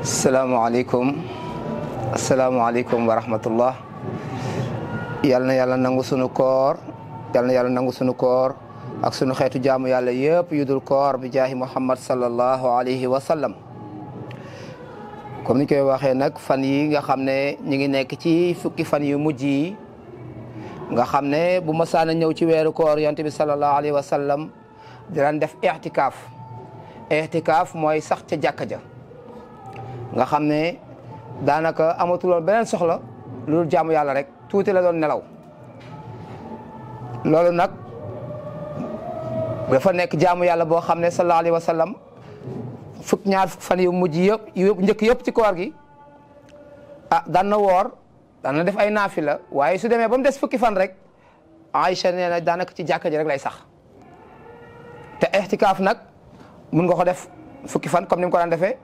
salaamaaleykum salaamaaleykum wa rahmatullah yal na yàlla nangu sunu koor yal na yàlla nangu sunu koor ak sunu xeetu jaamu yàlla yëpp yu dul koor bi jaahi muhammad sallallahu alayhi wa sallam comme ni koy waxee nag fan yi nga xam ne ñu ngi nekk ci fukki fan yu mujj yi nga xam ne bu masaana ñëw ci weeru koor yonte bi sallallahu alayhi wa sallam daan def ixtikaaf ixtikaaf mooy sax ca jàkka ja nga xam ne daanaka amatuloon beneen soxla lu dul jaamu yàlla rek tuuti la doon nelaw loolu nag dafa nekk jaamu yàlla boo xam ne sallallahu alayhi wa sallam fukk ñaar fan yu mujj yëpp yu njëkk yëpp ci koor gi a ah, daan na woor daan na def ay naafila waaye su demee ba mu des fukki fan rek Aïcha nee na daanaka ci jàkka ji rek lay sax te ixtikaaf nag mun nga ko def fukki fan comme ni mu ko daan defee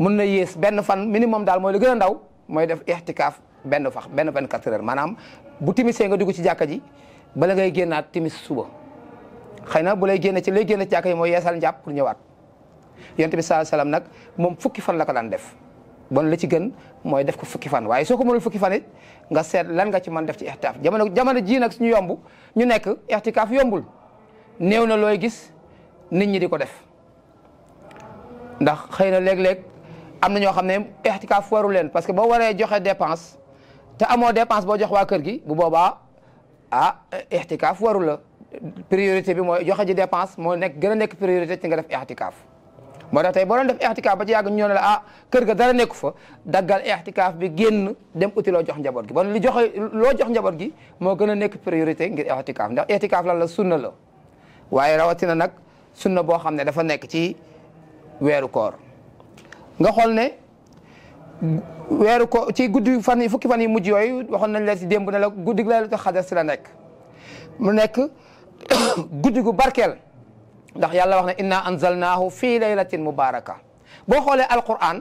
mën na yées benn fan minimum daal mooy la gën a ndaw mooy def ixtikaaf benn fax benn fan quatre heures maanaam bu timisee nga dugg ci jàkka ji bala ngay génnaat timis suba xëy na bu lay génne ci lay génne ci jàkka mooy yeesal njàpp pour ñëwaat yonent bi sallallahu alayhi wasallam nag moom fukki fan la ko daan def bon la ci gën mooy def ko fukki fan waaye soo ko mënul fukki fan nga seet lan nga ci man def ci ixtikaaf jamono jamono ji nag suñu yomb ñu nekk ixtikaaf yombul néew na looy gis nit ñi di ko def ndax xëy na léeg am na ñoo xam ne ixtikaaf waru leen parce que boo waree joxe dépense te amoo dépense boo jox waa kër gi bu boobaa ah ixtikaaf waru la priorité bi mooy joxe ji dépense moo nekk gën a nekk priorité ci nga def ixtikaaf moo tax tey boo doon def ixtikaaf ba ci yàgg ñu ah kër ga dara nekku fa daggal ixtikaaf bi génn dem uti loo jox njaboot gi bon li joxe loo jox njaboot gi moo gën a nekk priorité ngir ixtikaaf ndax ixtikaaf lan la sunna la waaye rawatina nag sunna boo xam ne dafa nekk ci weeru koor nga xool ne weeru ko ci guddi fan yi fukki fan yi mujj yooyu waxoon nañ la si démb ne la guddi laylatul xadar si la nekk mu nekk guddi gu barkeel ndax yàlla wax ne inna anzalnaahu fii laylatin mubaraka boo xoolee alquran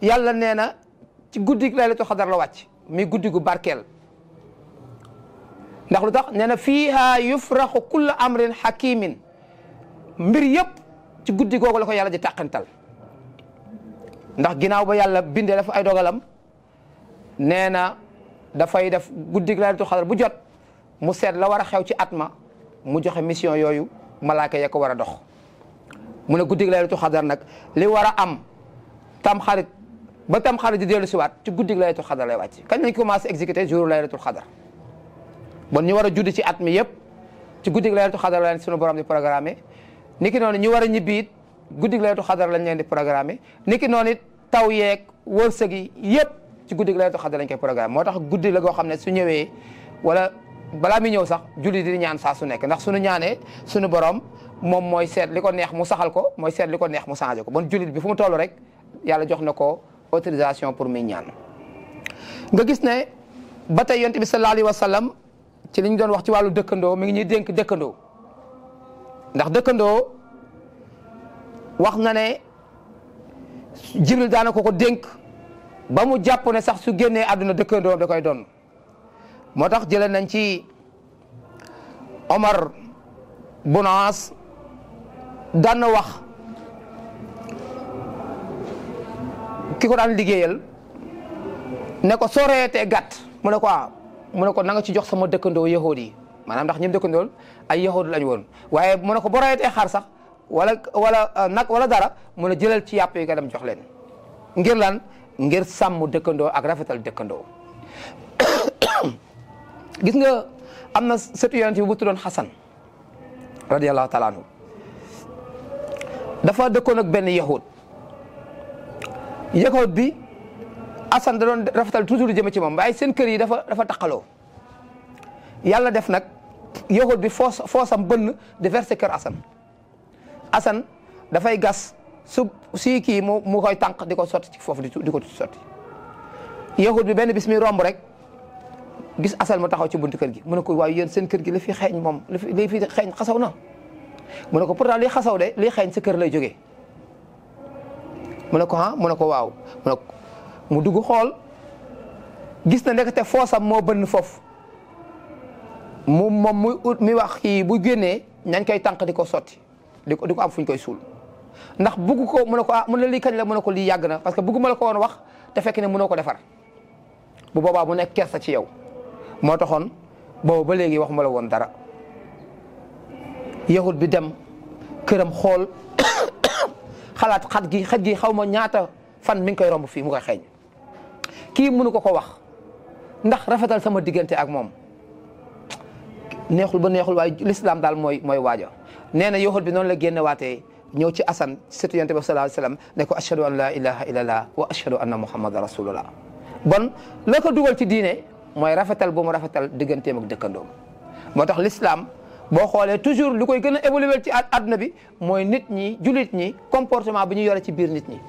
yàlla nee na ci guddi laylatul la wàcc mi guddi gu barkeel ndax lu tax nee na fiiha yufraxu kullu amrin hakimin mbir yëpp ci guddi googu la ko yàlla di tàqantal ndax ginnaaw ba yàlla bindee dafa ay dogalam nee na dafay def guddig laylatul xadar bu jot mu seet la war a xew ci at ma mu joxe mission yooyu malaaka yee ko war a dox mu ne guddig laylatul xadar nag li war a am tam xarit tam xarit di dellu siwaat ci guddig laylatul xadar lay wàcc kañ lañ commencé exécuté jour laylatul xadar bon ñu war a judd ci at mi yëpp ci guddig laylatul xadar lañ sunu borom di programmé niki noonu ñu war a ñibbi it guddig laylatul xadar lañ leen di programmé niki noonu taw yeeg wërsëg yi yëpp ci guddi laylatul xadr lañ koy programme moo tax guddi la goo xam ne su ñëwee wala balaa mi ñëw sax julli di ñaan saa su nekk ndax suñu ñaanee suñu boroom moom mooy seet li ko neex mu saxal ko mooy seet li ko neex mu changé ko bon jullit bi fu mu toll rek yàlla jox na ko autorisation pour muy ñaan nga gis ne ba tey yonent bi sallallahu alayhi wa ci li doon wax ci wàllu dëkkandoo mi ngi ñuy dénk dëkkandoo ndax dëkkandoo wax na ne jibril daana ko ko dénk ba mu jàpp ne sax su génnee àdduna dëkkandoom da koy doon moo tax jëlee nañ ci Omar Bunaas daan na wax ki ko daan liggéeyal ne ko soo reetee gàtt mu ne ko ah, mu ne ko na nga ci jox sama dëkkandoo yahood yi maanaam ndax ñoom dëkkandoo ay yahood lañ woon waaye mu ne ko boo reetee xar sax. wala wala euh, nag wala dara mun jëlal ci yàpp yi nga jox leen ngir lan ngir sàmm dëkkandoo ak rafetal dëkkandoo gis nga am na sëtu yonent bi bu tuddoon Xasan radiyallahu taala anhu dafa dëkkoon ak benn yahud yahud bi Xasan da doon rafetal toujours jëme ci moom waaye seen kër yi dafa dafa taqaloo yàlla def nag yahud bi foos foosam bënn di verser kër Xasan asan dafay gas su si kii mu mu koy tànq di ko sotti ci foofu di ko sotti yahud bi benn bis mi romb rek gis asal mu taxaw ci buntu kër gi mu ne ko waaye yéen seen kër gi la fi xeeñ moom li fi fi xeeñ xasaw na mu ne ko pourtant li xasaw de li xeeñ sa kër lay jógee mu ne ko ah mu ne ko waaw mu ne dugg xool gis na nekk te foosam moo bënn foofu mu moom muy ut mi wax kii bu génnee ñañ koy tànq di ko sotti di ko di ko am fu koy suul ndax bugg ko mu ne ko ah mu ne lii kañ la mu ko li yàgg na parce que bugg ma la ko woon wax te fekk ne mënoo ko defar bu boobaa mu nekk kersa ci yow moo taxoon boobu ba léegi waxuma la woon dara yahut bi dem këram xool xalaat xat gi xaj gi xaw ma ñaata fan mi ngi koy romb fii mu koy xeeñ kii mënu ko ko wax ndax rafetal sama diggante ak moom neexul ba neexul waaye lislaam daal mooy mooy waaja nee na yoxol bi noonu la génn waatee ñëw ci asan surtout yonent bi sallallahu alayhi wasallam ne ko ashhadu an la ilaha illallah wa ashhadu anna muhammadan rasulullah bon la ko dugal ci diine mooy rafetal bu mu rafetal digganteem ak dëkkandoom moo tax l'islam boo xoolee toujours lu koy gën a évoluer ci àdduna bi mooy nit ñi julit ñi comportement bi ñu yore ci biir nit ñi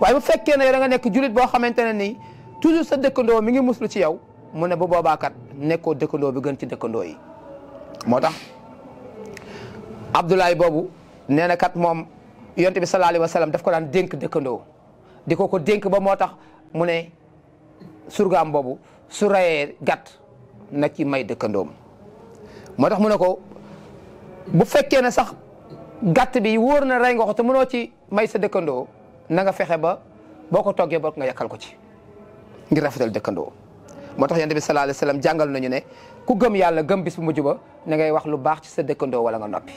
waaye bu fekkee ne da nga nekk julit boo xamante ne nii toujours sa dëkkandoo mi ngi muslu ci yow mu ne bu boobaakat nekkoo dëkkandoo bi gën ci dëkkandoo yi moo tax Abdoulaye boobu nee na kat moom yonte bi sallallahu alayhi wa sallam daf ko daan dénk dëkkandoo di ko ko dénk ba moo tax mu ne surgaam boobu su rayee gàtt na ci may dëkkandoom moo tax mu ne ko bu fekkee ne sax gàtt bi wóor na rey nga ko te mënoo ci may sa dëkkandoo na nga fexe ba boo ko toggee bokk nga yàkkal ko ci ngir rafetal dëkkandoo moo tax yonent bi sallallahu alayhi wa sallam jàngal nañu ne ku gëm yàlla gëm bis bu mujj ba na ngay wax lu baax ci sa dëkkandoo wala nga noppi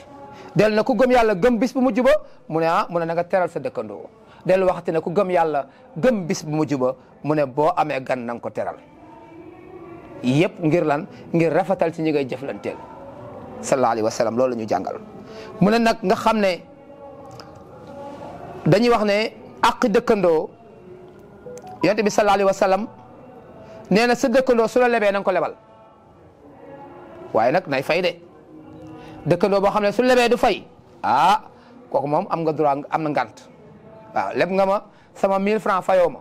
del na ku gëm yàlla gëm bis bu mujj ba mu ne ah mu ne na teral sa dëkkandoo del waxati ne ku gëm yàlla gëm bis bu mujj ba mu ne boo amee gan na ko teral yëpp ngir lan ngir rafetal ci ñi ngay jëflanteel sallallahu alayhi wa la ñu jàngal mu ne nag nga xam ne dañuy wax ne àq dëkkandoo yonent bi sallallahu alayhi nee na sa dëkkandoo su la lebee na ko lebal waaye nag nay fay de dëkkandoo boo xam ne su lebee du fay ah kooku moom am nga droit am na ngant waaw ah, leb nga ma sama 1000 francs fayoo ma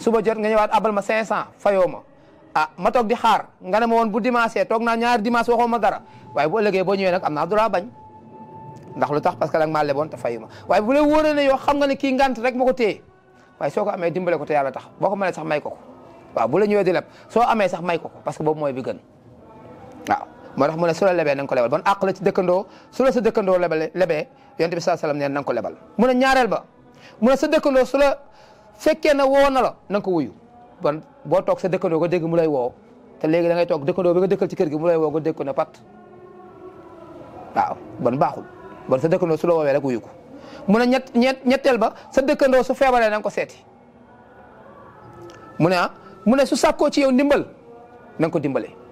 suba jot nga ñëwaat abal ma 500 fayoo ma ah ma toog di xaar nga ne ma woon bu dimanche toog naa ñaari dimanche waxoo ma dara waaye bu ëllëgee boo ñëwee nag am naa droit bañ ndax lu tax parce que da nga leboon te fayu waaye bu la wóoree ne yow xam nga ne kii ngant rek ma ko téye waaye soo ko amee dimbale ko te yàlla tax boo ko mënee sax may ko ko waaw la ñëwee di leb soo amee sax may ko ko que boobu mooy bi gën. moo a mu ne su la lebee na ko lebal bon àq la ci dëkkandoo su la sa dëkkandoo lebale lebee yonent bi saa salaam nee na nga ko lebal mu ne ñaareel ba mu ne sa dëkkandoo su la fekkee na woo na la na nga ko wuyu bon boo toog sa dëkkandoo ko dégg mu lay woo te léegi da ngay toog dëkkandoo bi nga dëkkal ci kër gi mu lay woo nga dégg ko ne pat waaw bon baaxul bon sa dëkkandoo su la woowee rek wuyu ko mu ne ñett ñett ñetteel ba sa dëkkandoo su feebaree na ko seeti mu ne ah mu ne su sàkkoo ci yow ndimbal na ko dimbalee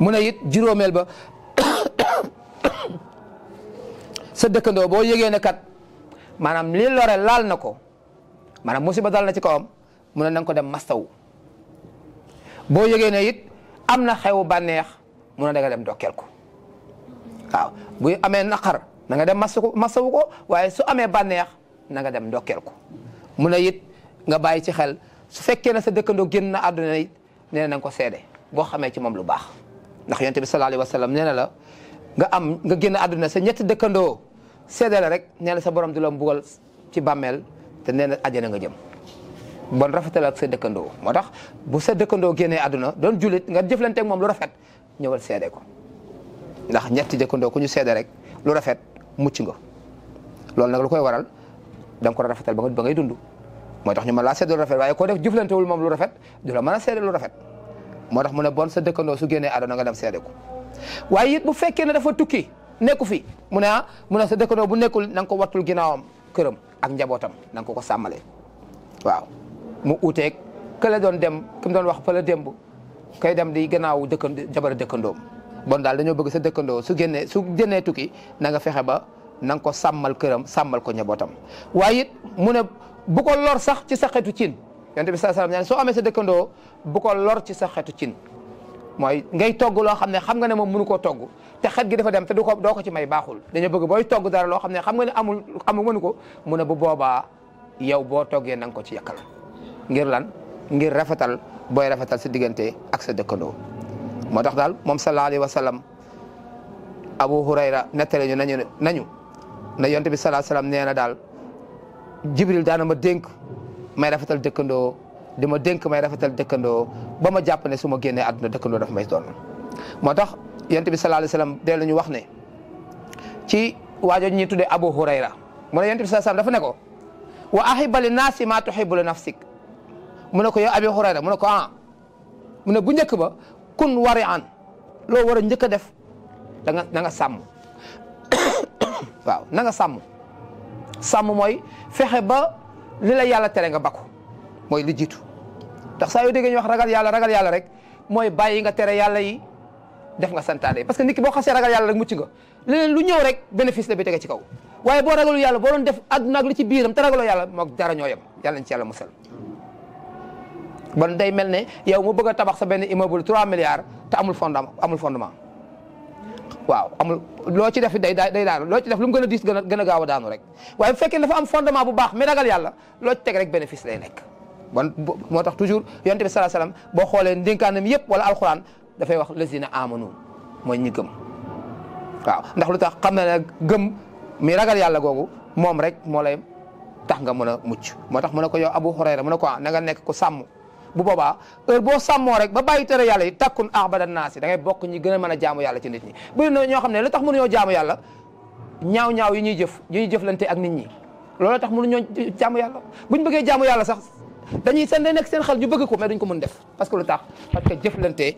mu ne yit juróomeel ba sa dëkkandoo boo yëgee ne kat maanaam li lore laal na ko maanaam musiba dal na ci kawam mu ne na ko dem mastaw boo yëgee ne it am na xew bànneex mun ne da dem dokkeel ko waaw bu amee naqar na dem masawu masawu ko waaye su amee bànneex na nga dem ndokkeel ko mu a yit nga bàyyi ci xel su fekkee ne sa dëkkandoo génn na àdduna it nee na ko seede boo xamee ci moom lu baax ndax yonent bi sallallahu alayhi wa sallam nee la nga am nga génn àdduna sa ñetti dëkkandoo seede rek nee sa borom du la mbugal ci bàmmeel te nee na nga jëm bon rafetal ak sa dëkkandoo moo tax bu sa dëkkandoo àdduna doon jullit nga jëflanteeg moom lu rafet ñëwal seede ko ndax ñetti dëkkandoo ku ñu seede rek lu rafet mucc nga loolu nag lu koy waral da nga ko rafetal ba ngay dund moo tax ñu mën laa seede lu rafet waaye koo def jëflantewul moom lu rafet du la mën a seede lu rafet moo tax mu ne bon sa dëkkandoo su génnee àdduna nga dem seede ko waaye it bu fekkee ne dafa tukki nekku fi mu ne ah mu ne sa dëkkandoo bu nekkul na ko wattul ginnaawam këram ak njabootam na ko ko sàmmalee waaw mu uuteeg kële dem ki mu wax fële démb kay dem di gannaaw dëkkandoo jabar dëkkandoom bon daal dañoo bëgg sa dëkkandoo su génnee su génnee tukki na fexe ba na ko sàmmal këram sàmmal ko njabootam waaye it mu ne bu ko lor sax ci sa xeetu cin yonent bi saa salaam soo amee sa dëkkandoo bu ko lor ci sa xeetu cin mooy ngay togg loo xam ne xam nga ne moom mënu koo togg te xet gi dafa dem te du ko doo ko ci may baaxul dañoo bëgg booy togg dara loo ne xam nga ne amul ko mu ne bu boobaa yow boo toggee na ko ci yàqal ngir lan ngir rafetal booy rafetal sa diggante ak sa dëkkandoo moo tax daal moom sallallahu alayhi wa sallam Abu Hurayra nettali ñu nañu nañu na yonent bi sallallahu alayhi wa nee na daal Jibril daana ma dénk may rafetal dëkkandoo di ma dénk may rafetal dëkkandoo ba ma jàpp ne su génnee àdduna dëkkandoo def may doon moo tax yonent bi sallallahu alayhi wasallam dee lu ñu wax ne ci waajooju ñuy tuddee Abu Hurayra bi sallallahu alayhi dafa ne ko wa ahibba li naasi ma tuhibbu li nafsik mu ne ko yow Abu Hurayra mu ko ah ne bu njëkk ba kun wari an loo war a njëkk a def da nga na nga sàmm waaw na nga sàmm mooy fexe ba li la yàlla tere nga bakku mooy li jiitu ndax saa yoo déggee ñu wax ragal yàlla ragal yàlla rek mooy bàyyi nga tere yàlla yi def nga santaane parce que nit boo xasee ragal yàlla rek ci nga leneen lu ñëw rek bénéfice la bi tege ci kaw waaye boo ragalu yàlla boo doon def ak ak li ci biiram te ragaloo yàlla moog dara ñoo yem yàlla nañ ci yàlla bon day mel ne yow mu bëgg a tabax sa benn immeuble 3 milliards te amul fondement amul fondement waaw amul loo ci def day day daanu loo ci def lu mu gën a diis gën a gën a gaaw daanu rek waaye bu fekkee dafa am fondement bu baax mais ragal yàlla loo ci teg rek bénéfice lay nekk bon moo tax toujours yonent bi sallallahu alayhi boo xoolee ndénkaanam yëpp wala alxuraan dafay wax lazina amanu mooy ñi gëm waaw ndax lu tax xam na ne gëm mi ragal yàlla googu moom rek moo lay tax nga mun a mucc moo tax mu ne ko yow Abu Hurayra mu ne ko ah, na nga nekk ku sàmm bu boobaa heure boo sàmmoo rek ba bàyyi tere yàlla yi takkun ahbada naas yi da ngay bokk ñi gën a mën a jaamu yàlla ci nit ñi bëri na ñoo xam ne lu tax mënuñoo jaamu yàlla ñaaw-ñaaw yi ñuy jëf ñuy jëflante ak nit ñi loolu tax mënuñoo jaamu yàlla buñ bëggee jaamu yàlla sax dañuy seen day nekk seen xel ñu bëgg ko mais duñ ko mën def parce que lu tax parce que jëflante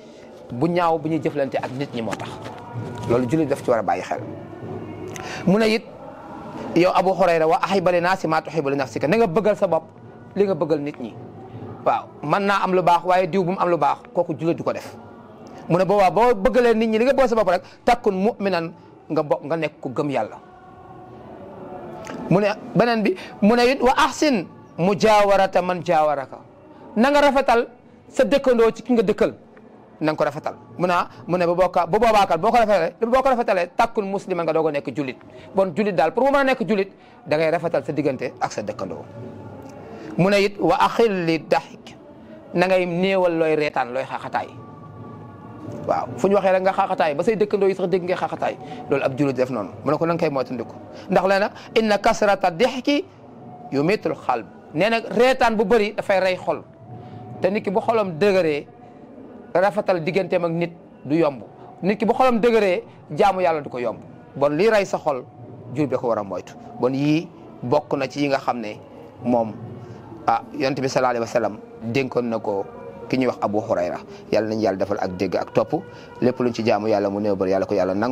bu ñaaw bu ñuy jëflante ak nit ñi moo tax loolu jullit def ci war a bàyyi xel mu ne it yow Abu Hurayra wa ahibba li naasi maa tuhibbu li nafsika na nga bëggal sa bopp li nga bëggal nit ñi waaw mën naa am lu baax waaye diw bu mu am lu baax kooku jullit du ko def mu ne boobaa boo bëggalee nit ñi li nga boole sa bopp rek takkun mu'minan nga bo nga nekk ku gëm yàlla mu ne beneen bi mu ne it wa ahsin mu jaawarata man jaawaraka na nga rafetal sa dëkkandoo ci ki nga dëkkal na nga ko rafetal mu ne ah, mu ne ba boo ka ba boobaakat boo ko rafetalee boo ko rafetalee takkun musliman nga doog a nekk jullit bon jullit daal pour mu mën nekk jullit dangay rafetal sa diggante ak sa dëkkandoo mu ne it wa axil li daxik na ngay néewal looy reetaan looy xaaxataay waaw fu ñu waxee rek nga xaaxataay ba say dëkkandoo yi sax dégg nga xaaxataay loolu ab jullit def noonu mu ne ko na nga koy moytandiku ndax lee nag inna kasrata dixki yumitul xalb nee na reetaan bu bari dafay rey xol te nit ki bu xolam dëgëree rafetal digganteem ak nit du yomb nit ki bu xolam dëgëre jaamu yàlla du ko yomb bon lii rey sa xol jur bi ko war a moytu bon yii bokk na ci yi nga xam ne moom ah yonent bi sallallahu alayhi wa sallam dénkoon ko ki ñuy wax Abu Hurayra yàlla nañu yàlla defal ak dégg ak topp lépp lu ci jaamu yàlla mu néew bari yàlla ko yàlla nang